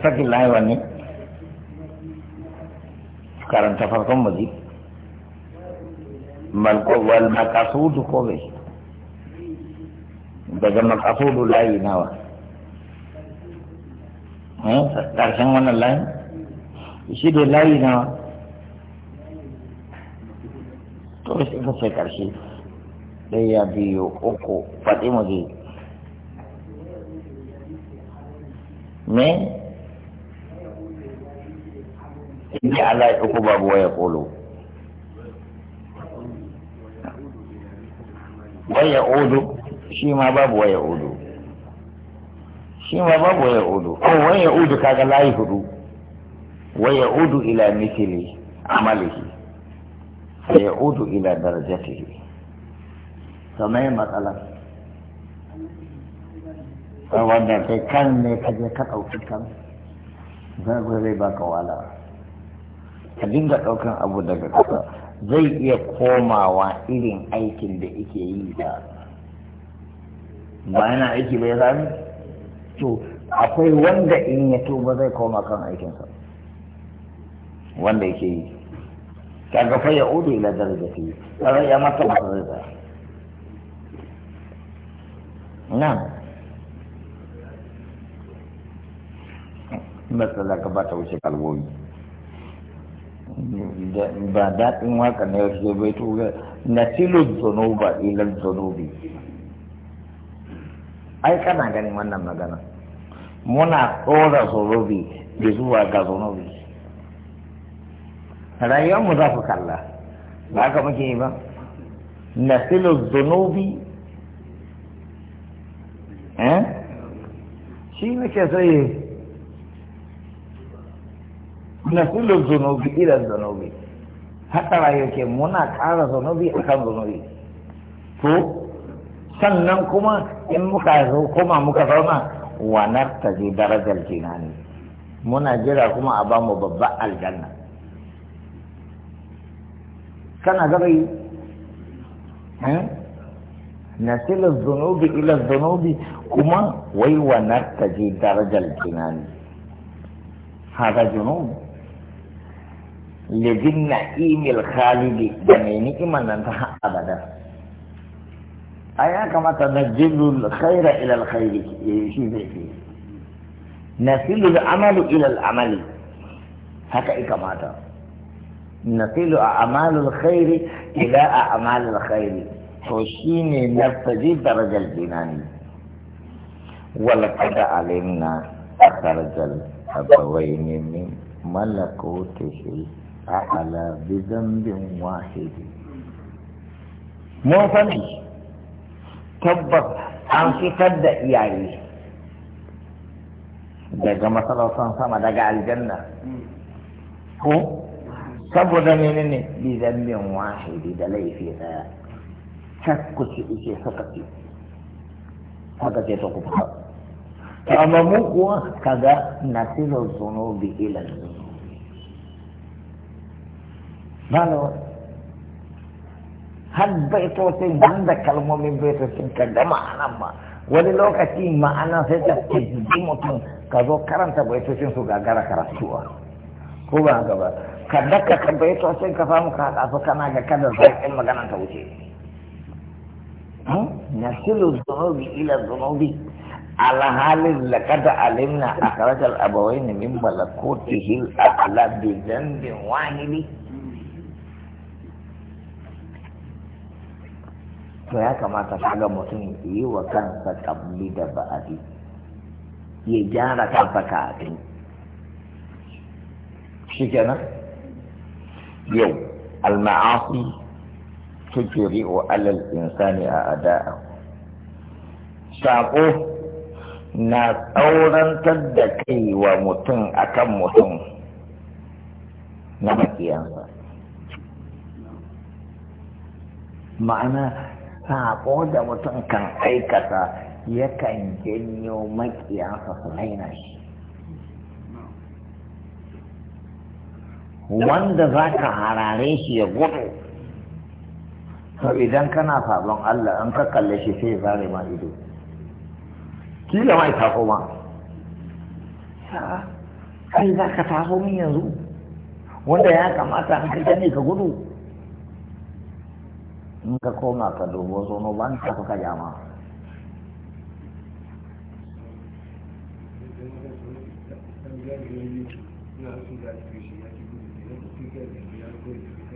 sakin layi ne karanta farkon mazi malkowar makasudu ko bai daga makasudu layi nawa ƙarshen eh, wannan layi shi da layi nawa to shi ka sai ƙarshe ɗaya biyu uku faɗi mu zai me in ala ya uku babu waya kolo waya odo shi ma babu waya odo shi ma babu waya odo ko oh, waya odo kaga layi hudu waya odo ila misili amalihi ya odo ila darajatihi sannan matsala. wanda kai kan ne ka je ka ɗauki kan zai zai baka wala ka dinga ɗaukan abu daga ƙasa zai iya komawa irin aikin da ike yi da ba yana aiki bai sami to akwai wanda in ya tuba zai koma kan aikinsa wanda yake yi kaga fa ya udu ila darajati kaga ya mata masa zai na za ka ba ta wuce kalmomi ba daɗin waka na yau bai tuga na tilon zonoba ilan zonobi ai kana ganin wannan magana muna tsora zonobi da zuwa ga zonobi mu za ku kalla ba ka muke yi ba na tilon zonobi eh shi muke sai Na nasilul zunubi ila zunubi hatsara yake muna ƙara zunubi akan zunubi to sannan kuma in muka zo koma muka zauna wa nartaji darajar jinani muna jira kuma a bamu babban aljanna kana gaba yi eh? nasilar zunubi ila zunubi kuma wai wa nartaji darajar jinani hada zunubi lijin na'imil khalidi da mai ni'imar nan ta har abada a ya kamata na jilul khaira ilal khairi shi zai fi na da amalu ilal amali haka i kamata na filu a amalul khairi ila a amalul khairi to shi ne na faji darajar jinani wal kada alimna a darajar abawai ne min malakotu shi فعل بذنب واحد mun sani tabbas an fitar da iyaye daga masarautar sama daga aljanna ko saboda mene ne bizambin wahidi da laifi daya ci ike suka ce suka ce ta amma mu kuwa kaga nasirul zunubi ilan malo har baitocin ban da kalmomin baitocin ka da ma'anan ma wani lokaci ma'ana sai ta jijji mutum ka zo karanta baitocin su gagara karatuwa ko ba gaba ka kada ka baitocin ka samu ka haɗa kana ga kada zaƙin maganan ta wuce nasilu zunubi ila zunubi alhalin lakada alimna a karatar abawai ne min malakotihi al'ala bi zambin wahili to ya kamata kaga mutum yi wa kansa kabli da ba'adi ya gyara kansa kafin shi kenan yau al-ma'asi tujri'u 'ala alal insani a'da'a sako na tsaurantar da kai wa mutum akan mutum na makiyansa ma'ana sako da mutum kan aikata yakan janyo makiyansa su raina shi wanda za ka harare shi ya gudu to idan kana sabon Allah an ka kalle shi sai zare ma ido kila mai tafo ma kai za ka taso min yanzu wanda ya kamata an kai ne ka gudu in ka koma ka dubo zono ban ka ka jama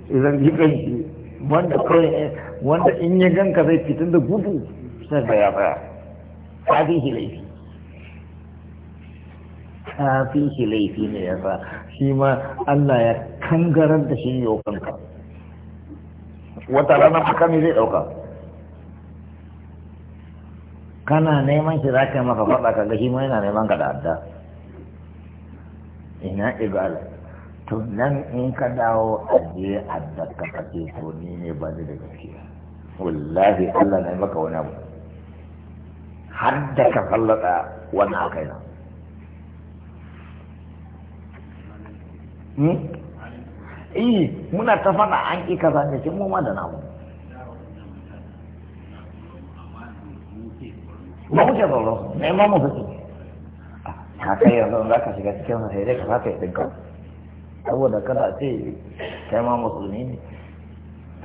idan ji kanki wanda kawai wanda in ya ganka zai fitin da gudu sai da ya tsaya ka shi laifi shi laifi ne ya sa shi ma Allah ya kangarar da shi yau kanka wata rana ne zai ɗauka kana neman shi za ka yi maka faɗa kaga shi ma yana neman ka da adda ina ibala to nan in ka dawo aje adda ka kace to ni ne ba ni da gaskiya wallahi Allah na maka wani abu har da ka fallaka wani akai na hmm? eh muna ta faɗa an ƙi kaza ne ke mu ma da namu ba mu ce tsoro ne ma mu fito ka kai yanzu za ka shiga cikin sa sai dai ka saka yadda kan saboda kada ce kai ma musulmi ne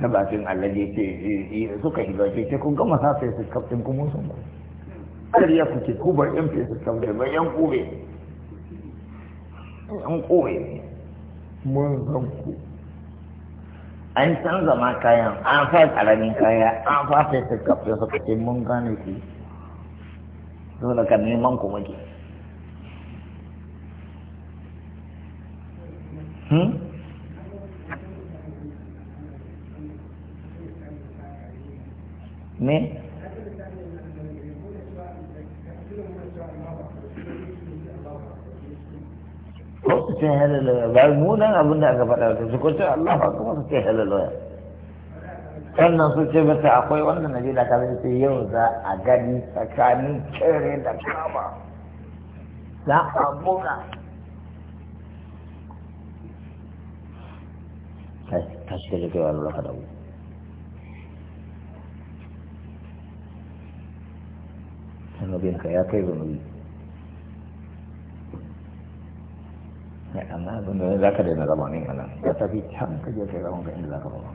ta bakin allaje ce eh, eh, suka shiga ce ce kun gama sa sai su kaftin kuma sun ba ya kuke ku bar yan fesa kaftin bar yan kube yan kube ne Mun munzanku an canza ma kayan an fa karamin kaya an fa sai suka fi suka ce mun gane ki dole ka neman ku muke hmm? me ce halalaya ba mu nan abin da aka faɗa da su ce Allah ba kuma su ce sannan su ce mata akwai wanda na je da ka zai yau za a gani tsakanin cire da kama za a buga ta wani ya kai zanubi tunda za ka daina zama ne a nan ka tafi can ka je kai zaman ka inda za ka zama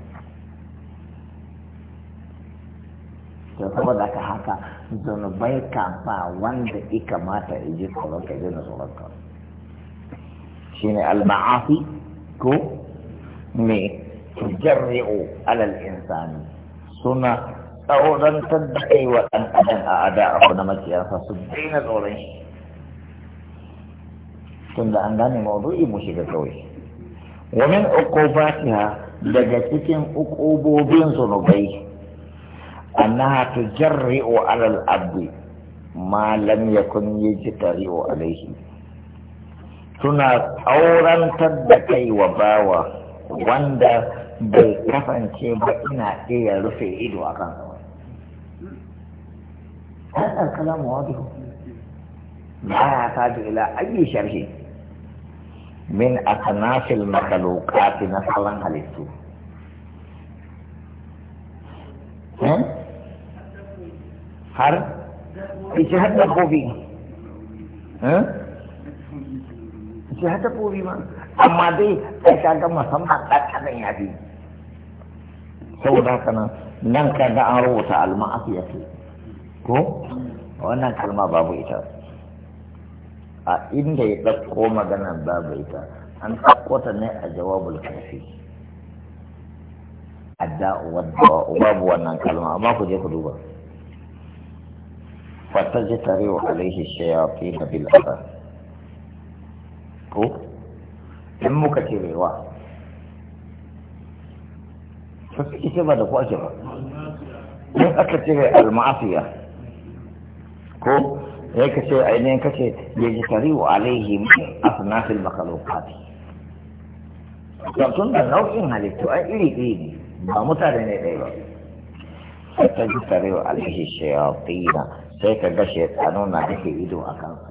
to saboda ka haka zunubai ka ba wanda ya kamata ya ji tsoron ka daina tsoron ka shine al-ma'afi ko me tujarri'u alal insani suna tsoron da kai wa ɗan adam a ada abu na makiyarsa su daina tsoron shi tunda an gane maudu'i mu shiga kawai wa uku uqubatiha daga cikin uqubobin zunubai annaha tujarri'u 'ala al-abdi ma lam yakun yajtari'u alayhi suna taurantar da kai wa bawa wanda bai kasance ba ina iya rufe ido a kan هذا الكلام ba ya يحتاج ila أي shi. min asanafil makalokati na salon halittu eh? har ishi har eh? dabbobi ishi har dabbobi ma amma dai ai kaga musamman ɗan ya fi saboda haka nan nan kaga an rubuta alma'afiyatu ko wannan kalma babu ita a inda ya ɗauko magana babu ita an ɗauko ta ne a jawabul kafi adda'u wadda'u babu wannan kalma amma ku je ku duba fata tare wa alaihi shayafi عليه bil بالأذى ko in muka ce rewa sassu ita ba da kwace ba in aka ce al-ma'afiya ko ya kace ainihin kace ya ji tarihu alaihim asnafil makalokati tun da nau'in halittu an iri iri ne ba mutane ne ɗaya ba sai ta ji tarihu alaihi shayatina sai ka ga shaitanu na rufe ido a kansa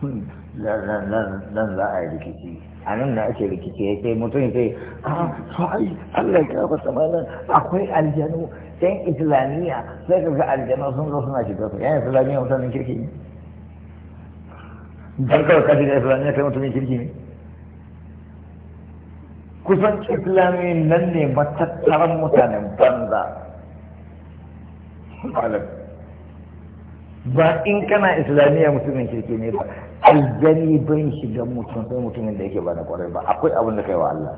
hmm. nan za a yi rikici a nan na ake rikici ya ce mutum ah, sai a fa'ai Allah ya fasa malam akwai aljanu yan islamiyya sai ka ga aljanu sun zo suna shiga su yan islamiyya mutanen kirki ne dan kawai ka da islamiyya kai mutumin kirki ne kusan islamiyya nan ne matattaran mutanen banza ba in kana islamiyya mutumin kirki ne ba aljani bai shiga mutum sai mutumin da yake ba na kwarai ba akwai abin da kai wa Allah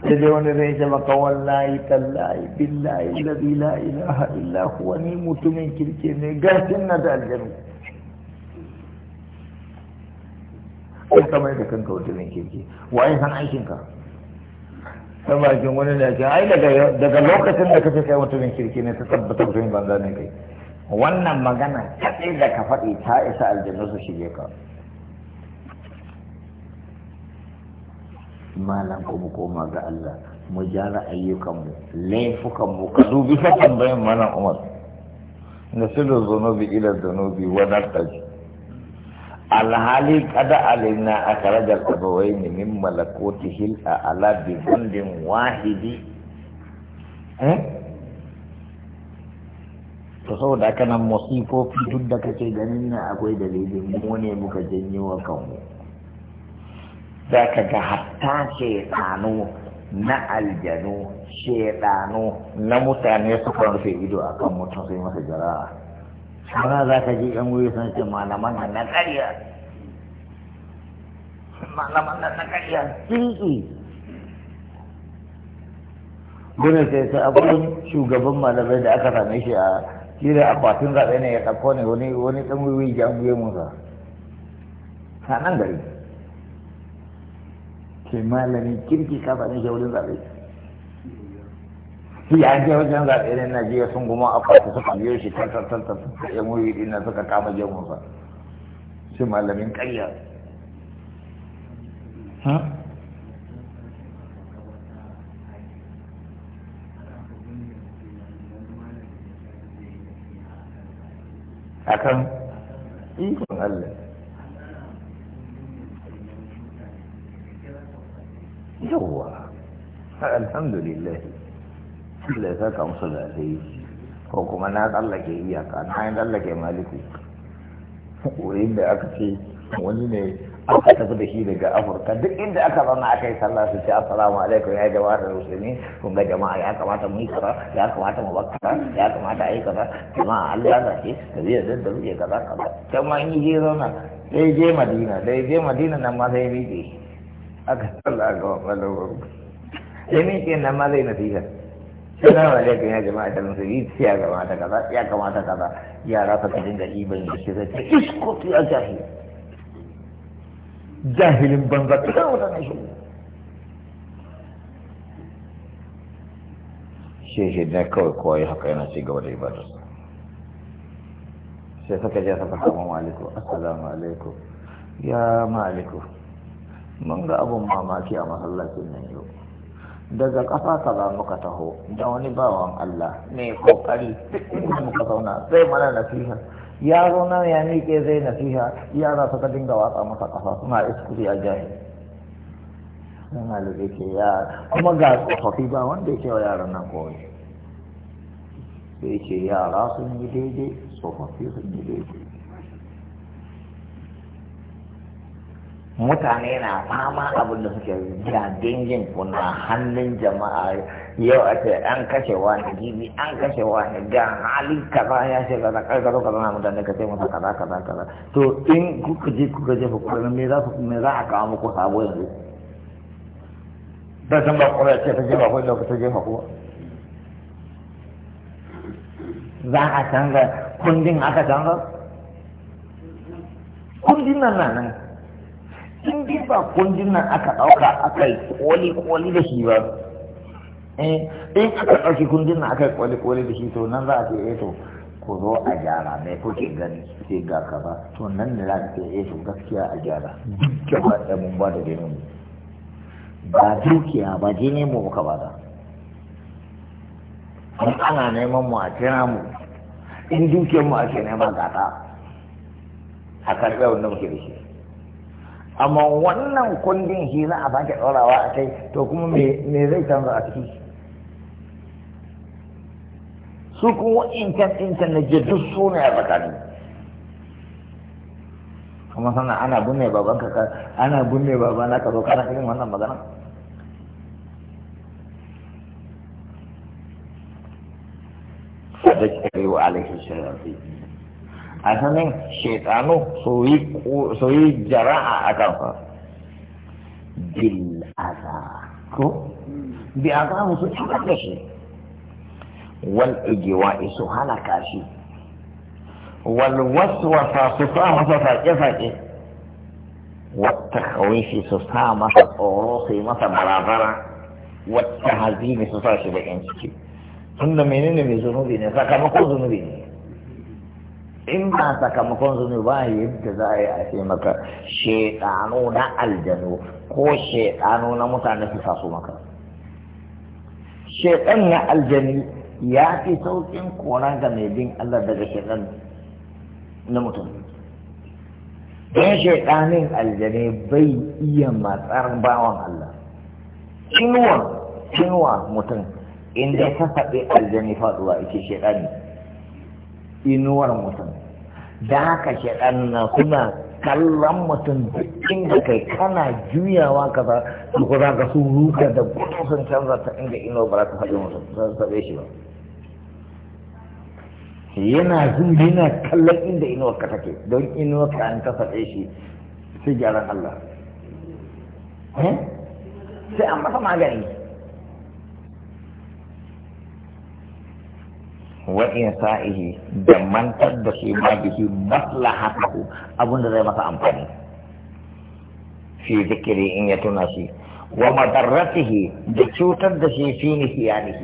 sai dai wani zai ce maka wallahi tallahi billahi ladhi la ilaha illa huwa ni mutumin kirki ne gashin na da aljani ko kamar da kanka mutumin kirki wa waye san aikin ka san bakin wani da ke ai daga lokacin da kace kai mutumin kirki ne ta tabbatar da yin banza ne kai wannan magana kaɗai da ka faɗi ta isa aljanu su shige ka malam mu koma ga Allah mu gyara ayyukanmu laifukanmu ka dubi ka tambayin malam umar na su da zunubi ila zunubi wadar ɗaji alhali kada alina a karajar abawai ne min malakotihil a ala bi wahidi eh? to saboda aka nan masifofi duk da kake ganin na akwai dalilin mu ne muka janyo wa kanmu za ka ga hatta shaitanu na aljanu shaitanu na mutane kan rufe ido a kan mutum sai masa jara'a sana za ka ji yan wuri sun ce malaman nan na ƙarya malaman nan na ƙarya tsinki gudun sai sai abin shugaban malamai da aka same shi a shi da akwatin zaɓe ne ya ɗauko ne wani wani ɗan wiwi jan biye musa a nan gari ke malami kirki kafa faɗin shi wurin zaɓe shi ya ce wajen zaɓe ne na jiya sun goma akwati suka biyo shi tantar tantar suka yi ɗin na suka kama jan musa shi malamin ƙarya akan ikon Allah yawwa alhamdulillah Allah ya saka musu da ko kuma na tsallake iyaka na yin tsallake maliku wurin da aka ce wani ne aka tafi da shi daga afirka duk inda aka zauna aka yi sallah su ce assalamu alaikum ya jama'a da musulmi kun ga jama'a ya kamata mu yi kaza ya kamata mu bakkara ya kamata a yi kaza jama'a allah na ce ka zai zai da muke kaza kaza can ma in je zauna sai je madina sai je madina nan ma sai rike aka sallah ga wani wurin sai miƙe nan ma zai natija salamu alaikum ya jama'a da musulmi ya kamata kaza ya kamata kaza yara suka dinga iban shi sai ta iskotu a jahili jahilin banza kar wata nashi shi shi ne kawai kawai haka yana ci gaba da ibada sai saka je saka kama maliku assalamu alaikum ya maliku mun ga abun mamaki a masallacin nan yau daga ƙasa za muka taho da wani bawan Allah mai kokari duk muka zauna sai mana nasiha yaro na ya miƙe zai nasiha yara suka dinga watsa masa kafa suna iskuri a jahi sun lura ke yara kuma ga tsofaffi ba wanda ya wa yaran nan kawai sai ce yara sun yi daidai tsofaffi sun yi daidai mutane na fama abin da suke ga dingin kuna hannun jama'a yau a ce an kashe wani gibi an kashe wani ga halin kaza ya ce kaza kai kaza kaza na mutane ka ce masa kaza kaza kaza to in kuka je kuka je ku kuma me za me za a kawo muku sabo yanzu da san ba kuma ce ta je ba ko ta je ba ko za a canza kundin aka canza kundin nan nan in bi ba kundin nan aka ɗauka aka yi koli-koli da shi ba eh, in aka ɗauki kundin nan aka yi koli-koli da shi to nan za a ce eh to ko zo a gyara mai kuke gani sai ga ka ba to nan ne za a ce eh to gaskiya a gyara duk ba ɗaya mun ba da jinin mu ba dukiya ba jini mu ka ba da in ana neman mu a kira mu in dukiyar mu a kira ma gata a karɓe wanda muke da shi amma wannan kundin shi na a sake ɗorawa a kai to kuma me zai canza a ciki su kuma incan incan na je duk su ne a tsakani kuma sana ana binne baban ka ana binne baba na ka zo kana irin wannan magana da sadaka alaihi salatu a sanin shaitanu su yi jara'a a kansa bil aza ko bi aza musu cutar da shi wal igiwa isu halaka shi wal waswasa su sa masa sake-sake wata kawai shi su sa masa tsoro su yi masa barazana wata hazini su sa shi bakin ciki da menene mai zunubi ne sakamakon zunubi ne in ba sakamakon zunubi ba yadda za a yi a ce maka shekano na aljanu ko shekano na mutane su faso maka shekan na aljani ya fi saukin kora ga mai bin Allah daga shekan na mutum don shekanin aljani bai iya matsar bawan Allah kinuwa kinuwa mutum inda ta faɗi aljani faɗuwa ike shekani inuwar mutum da haka shaɗan na kuna kallon mutum da inda kai kana juyawa ka za su za ka su ruka da gudun sun canza ta inda ino ba za ka faɗi mutum su saɓe shi ba yana zuwa yana kallon inda ino ka take don ino ka an ta faɗe shi sai gyaran Allah eh? sai an masa magani وإنسائه دمان تدشي ما به مصلحته أبن ذي مسا أمفاني في ذكر إن يتناشي ومضرته دشو تدشي في نسيانه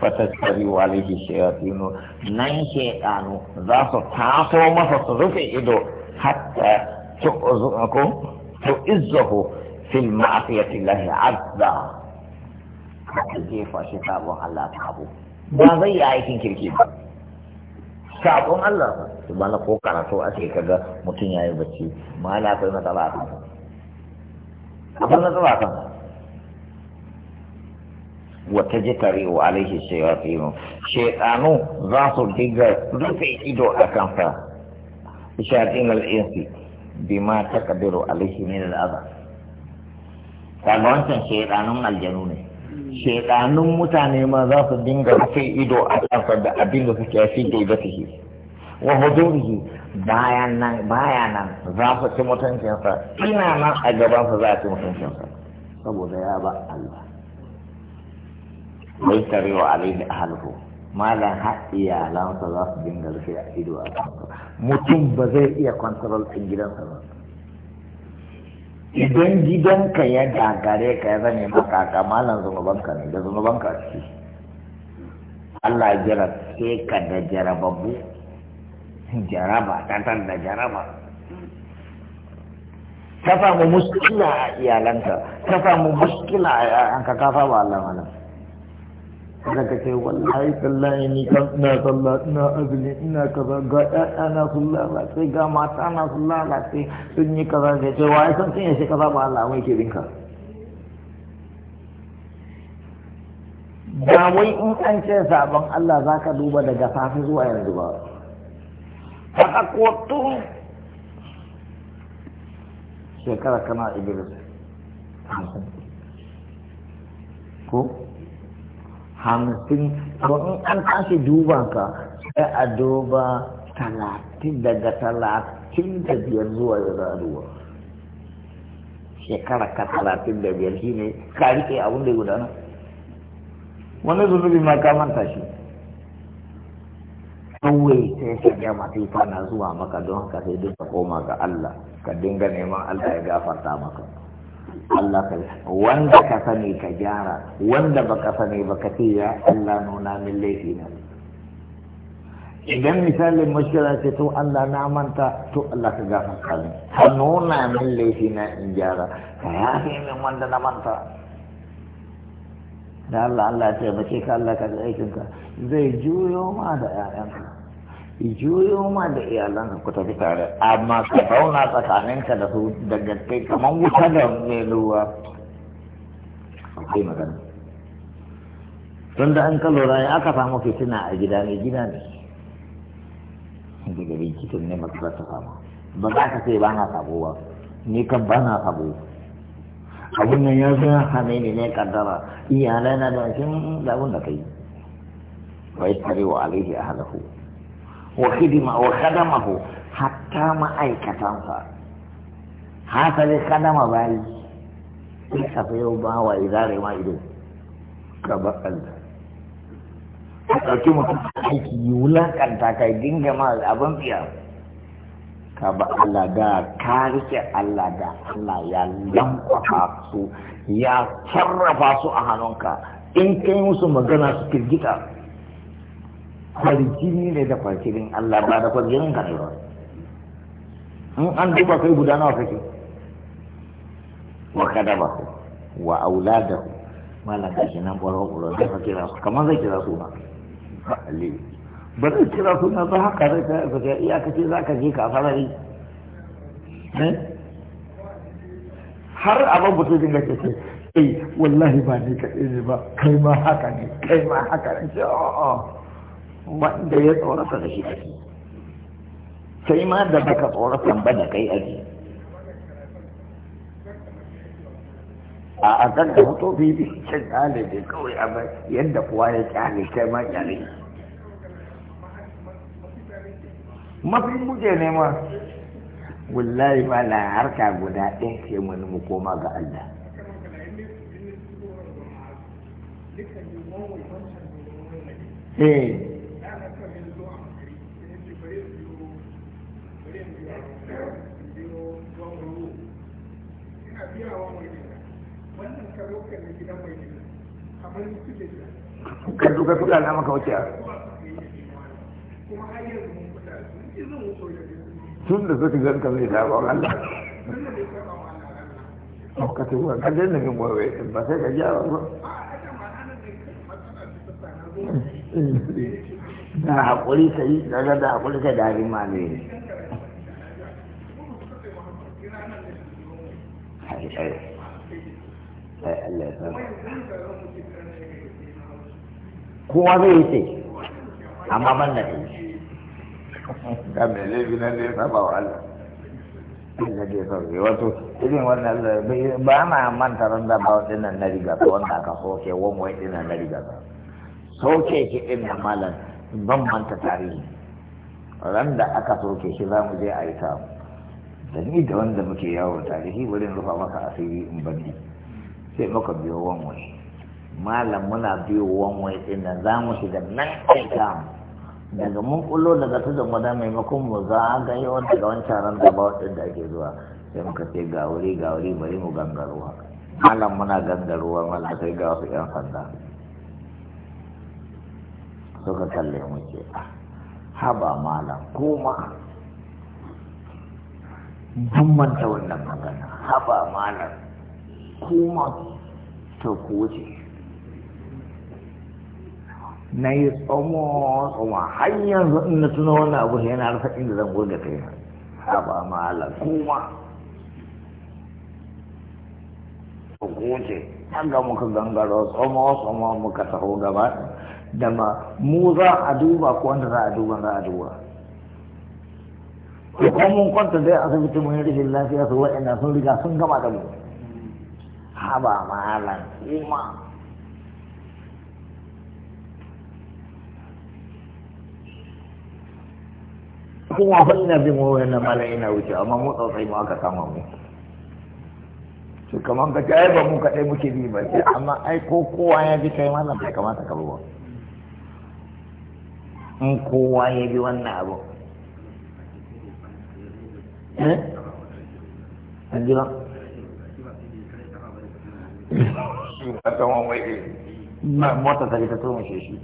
فتجري عليه الشياطين نن نعم شيطان ذات تاسو ما تصرفي إدو حتى تؤذكم تؤذه في المعصية الله عز ka jefa shi sabon Allah abu ba zai yi aikin kirki ba sabon Allah ba su ba ko karatu a sai kaga mutum ya yi bacci ma na akwai matsala a kan akwai matsala a kan wata tare wa alaihi shayatinu shaytanu za su diga rufe ido a kansa shayatin al'insi bima Kabiru alaihi min al'adha kaga wancan shaytanun aljanu ne shekanun mutane ma za su dinga rufe ido a kansa da abin da suke fi gaibatihi wa hudurihi bayan nan baya nan za su ci mutuncinsa ina nan a gabansa za su ci mutuncinsa saboda ya ba Allah mai tarewa alaihi ahalhu malam har iyalansa za su dinga rufe ido a kansa mutum ba zai iya kwantarol ɗin gidansa ba idan gidanka ya gagare ka ya zane maka ka malam zunubanka ne da zunubanka a Allah ya jira sai ka da jarababbu jaraba tantan da jaraba ka samu muskila a iyalanka ka samu muskila a yaranka ka saba Allah malam Daga ka ce wallahi tallahi ni kan ina sallah ina azumi ina kaza ga ƴaƴana sun lalace ga mata na sun lalace sun yi kaza da ce wa san sun yi kaza ba Allah mai ke binka ba wai in an ce sabon Allah za ka duba daga safi zuwa yanzu ba haka ka kotu shekara kana Idris ko hamsin ko in an tashi duba ka sai a duba talatin daga talatin da biyar zuwa ya zaruwa shekara ka talatin da biyar shi ne ka rike abin da ya gudana wani zunubi ma ka manta shi kawai sai ka ga masu fana zuwa maka don haka sai duka koma ga Allah ka dinga neman Allah ya gafarta maka Allah ka wanda ka sani ka gyara wanda baka sani ba ka ce ya Allah nuna min laifi na idan misalin mashkila ce to Allah na manta to Allah ka gafa kalli ka nuna min laifi na in gyara ka yafe min wanda na manta da Allah Allah ba ce ka Allah ka ga aikinka zai juyo ma da 'ya'yanka juyo ma da ka kuta tafi tare amma ka zauna ka da su daga kai kamar wuta da mai ruwa akwai magana tun da an ka lura aka samu fitina a gida ne gida ne daga binciken ne masu ta samu ba za ka sai ba na sabo ba ni kan ba na sabo abun nan ya zo hane ne ne kaddara iyalai na da shi da abun da kai wai tarewa alaihi halafu wa hidima wa kadamahu hatta ma'aikatansa hasali kadama bayi sai ka yau ba wa izare ma ido ka ba Allah ka ɗauki mutum aiki yi wulaƙanta ka dinga ma abin fiya ka ba Allah da ka rike Allah da Allah ya lankwafa su ya sarrafa su a hannunka in kai musu magana su kirgita kwarjini ne da kwarjinin Allah ba da kwarjinin ka ne ba in an duba kai guda nawa kake wa kada ba ku wa aulada malaka shi nan kwarar kwarar da ka kira su kamar zai kira suna ba aliyu ba zai kira suna za haka kare ta zaka iyakace za ka je ka farari eh? har abin mutum dinga ke ce wallahi ba ni ka ne ba kai ma haka ne kai ma haka ne oh, oh, oh. wanda ya tsorata da shi ciki sai ma da baka tsorata ba da kai a ciki a akan da hoto bibi can kyale ne kawai a bai yadda kuwa ya kyale kai ma kyale mafi muke nema wallahi ba na harka guda ɗaya ke wani mu koma ga Allah eh ka biya wa mai gida wannan ka zo ka gidan mai gida su da gida ka zo ka na maka wuce kuma har yanzu mun wuce da tun da suka zai ka ta wa? da bin ba sai ka gyara ba eh, eh. da haƙuri ka yi da haƙuri ka dari malai wallahi ai Allah ya san kowa zai yi ce amma ban da kai ga mai laifi nan ne ya saba wa Allah Allah da ya sauke wato irin wannan ba ma manta ran da ba nan na riga ta wanda aka soke wani wai nan na riga ta soke ke din malam ban manta tarihi ran da aka soke shi za mu je a yi samu da da wanda muke yawo tarihi shi wurin rufa maka asiri in bandi sai muka biyo wanwai malam muna biyo wanwai din nan za mu shiga nan aika daga mun kullo daga tudun wada maimakon mu za ga yawan daga wancan ran da ba wadanda ake zuwa sai muka ce ga wuri ga wuri bari mu ruwa malam muna ruwa malam sai ga wasu yan sanda suka kalle mu ce ah, haba malam koma duk manta wannan magana haba mana kuma ta kuce na yi tsomo tsomo hanyar zaɗin na tuna wani abu yana rasa inda zan goge kai haba mana kuma ta kuce an ga muka gangaro tsomo tsomo muka taho gaba da ma mu za a duba ko wanda za a duba za a duba ko mun kwanta dai asibiti mun yi rashin lafiya su wa'annan sun riga sun gama da mu haba malam kuma kuma fa ina bin na mala ina wuce amma mu tsatsai mu aka kama mu to kaman ka ta ba mu kadai muke bi ba amma ai ko kowa ya ji kai mana bai kamata ka ba in kowa ya bi wannan abu eh an mota ta ta shi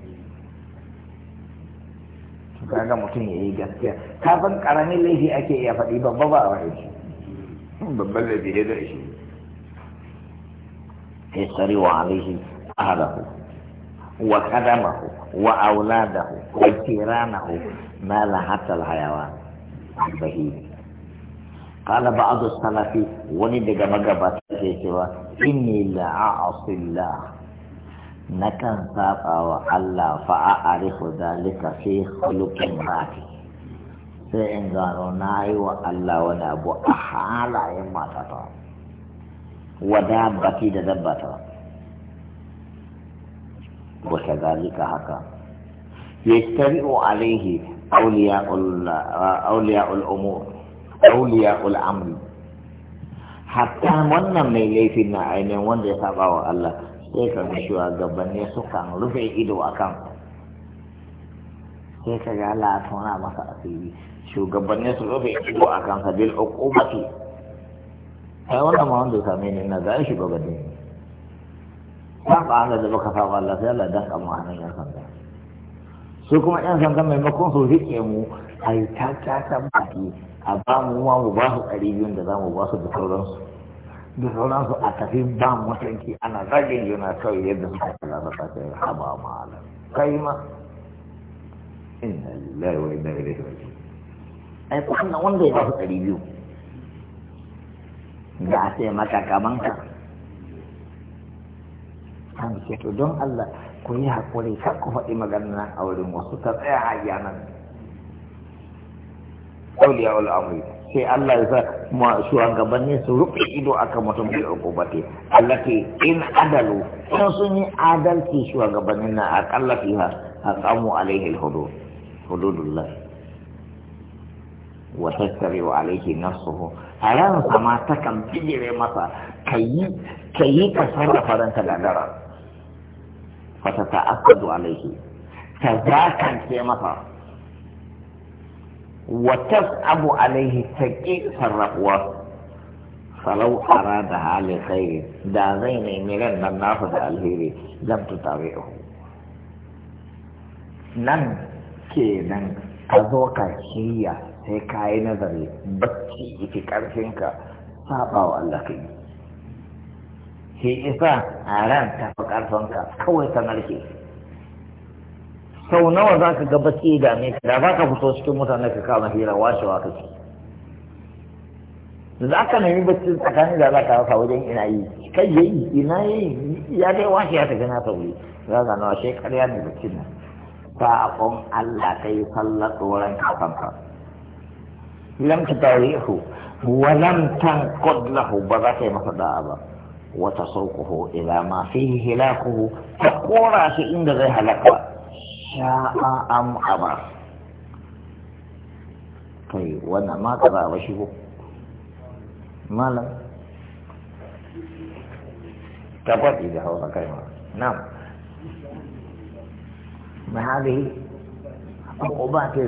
kaga mutum ya yi gaskiya kafin karamin laifi ake iya faɗi babba ba a wani shi babban laifi ya zai shi ya tsari wa alaihi ahadahu wa kadamahu wa auladahu wa na lahatar hayawa bahimi قال بعض السلف وني دغه مغبات ke cewa inni la'asillah nakan saba wa Allah fa a'rifu zalika fi khuluqin mati sai in gano yi wa Allah wani abu a halayen matata wa dabbati da dabbata wa kadhalika haka yastari'u alaihi awliya'ul awliya'ul umur auliya ul'amri hatta wannan mai laifin na ainihin wanda ya saba wa Allah sai ka ga shugabanni sukan rufe ido a kan sai ka ga Allah tona masa asiri shugabanni su rufe ido a kan sa bil uqubati sai wannan ma wanda ya same ni na ga ba ba Allah da baka saba Allah sai Allah danka mu hannun yan sanda su kuma yan sanda maimakon su rike mu a yi ta ta baki a ba mu ma mu ba su ɗari biyun da za mu ba su da sauransu da sauransu a tafi ba mu matanki ana zagin yana kawai yadda suka kalla da ta kai haba ma'ala kai ma inna lillahi wa inna ilaihi raji'un ai kuma wanda ya ba su ɗari biyu da a sai maka kaman ka an ce to don Allah ku yi haƙuri kar ku faɗi maganar a wurin wasu ta tsaya a yanar auliya wal amri sai Allah ya sa ma shugabanni su rufe ido akan mutum bil uqubati allati in adalu in sun yi adalci shugabannin na akalla fiha aqamu alaihi alhudud hududullah wa tasri alaihi nafsuhu alam sama ta kan bijire masa kayi kayi ka sarrafa faran da dara fa ta ta'akkadu alaihi ta ce masa wata abu alaihi ta ƙi sarrafuwa salau ara da hali khairi da zai nemi ran nan nasu da alheri zan tu tare nan ke nan ka zo ka shirya sai ka yi nazari bacci iki karfin ka saba wa Allah ka yi shi isa a ran tafi karfin ka kawai ta narke sau nawa za ka ga baki da ne da za ka fito cikin mutane ka kama hira washewa ka ce za ka nemi bacci tsakanin da za ka rasa wajen ina yi kai yayi ina yayi yi ya dai washe ya tafi na sauri za ka nawa shi karya ne baccin nan saƙon Allah ka yi sallar tsoron kafanka lam ta tarihu wa lam tanqud lahu ba za ka yi masa da'a ba wata sauƙuhu ila ma fihi hilakuhu ka ƙora shi inda zai halaka sha'a am aba kai wannan ma kaza ba shi ko malam tabbati da hawa kai ma na ma hadi ko ba ta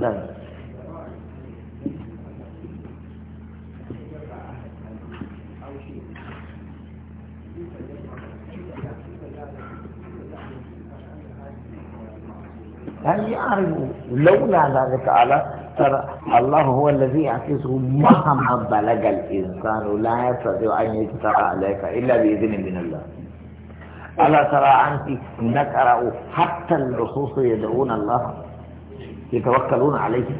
zan هل يعني يعرف لولا ذلك على ترى الله هو الذي يعكسه مهما بلغ الانسان لا يستطيع ان يجترى عليك الا باذن من الله الا ترى انت نكرا حتى اللصوص يدعون الله يتوكلون عليه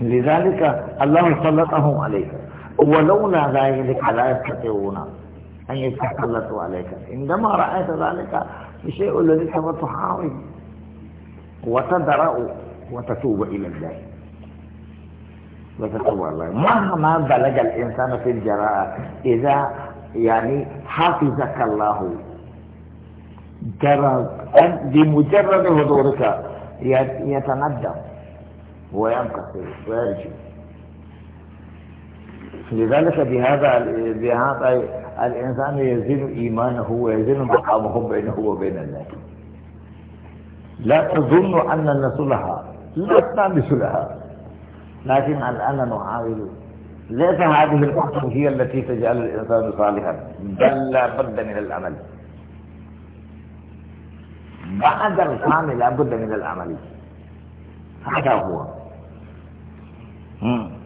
لذلك الله سلطهم عليك ولولا ذلك لا يستطيعون ان يتسلطوا عليك عندما رايت ذلك الشيء الذي تحاول وتدرأ وتتوب إلى الله وتتوب إلى الله مهما بلغ الإنسان في الجراءة إذا يعني حفظك الله بمجرد حضورك يتندم وينقصر ويرجع لذلك بهذا بهذا الانسان يزيد ايمانه ويزيد مقامه بينه وبين الله لا تظن أننا صلحاء لسنا بصلحاء لكن الآن نحاول ليس هذه الأحكام هي التي تجعل الإنسان صالحا بل لا بد من العمل بعد الكلام لا بد من العمل هذا هو مم.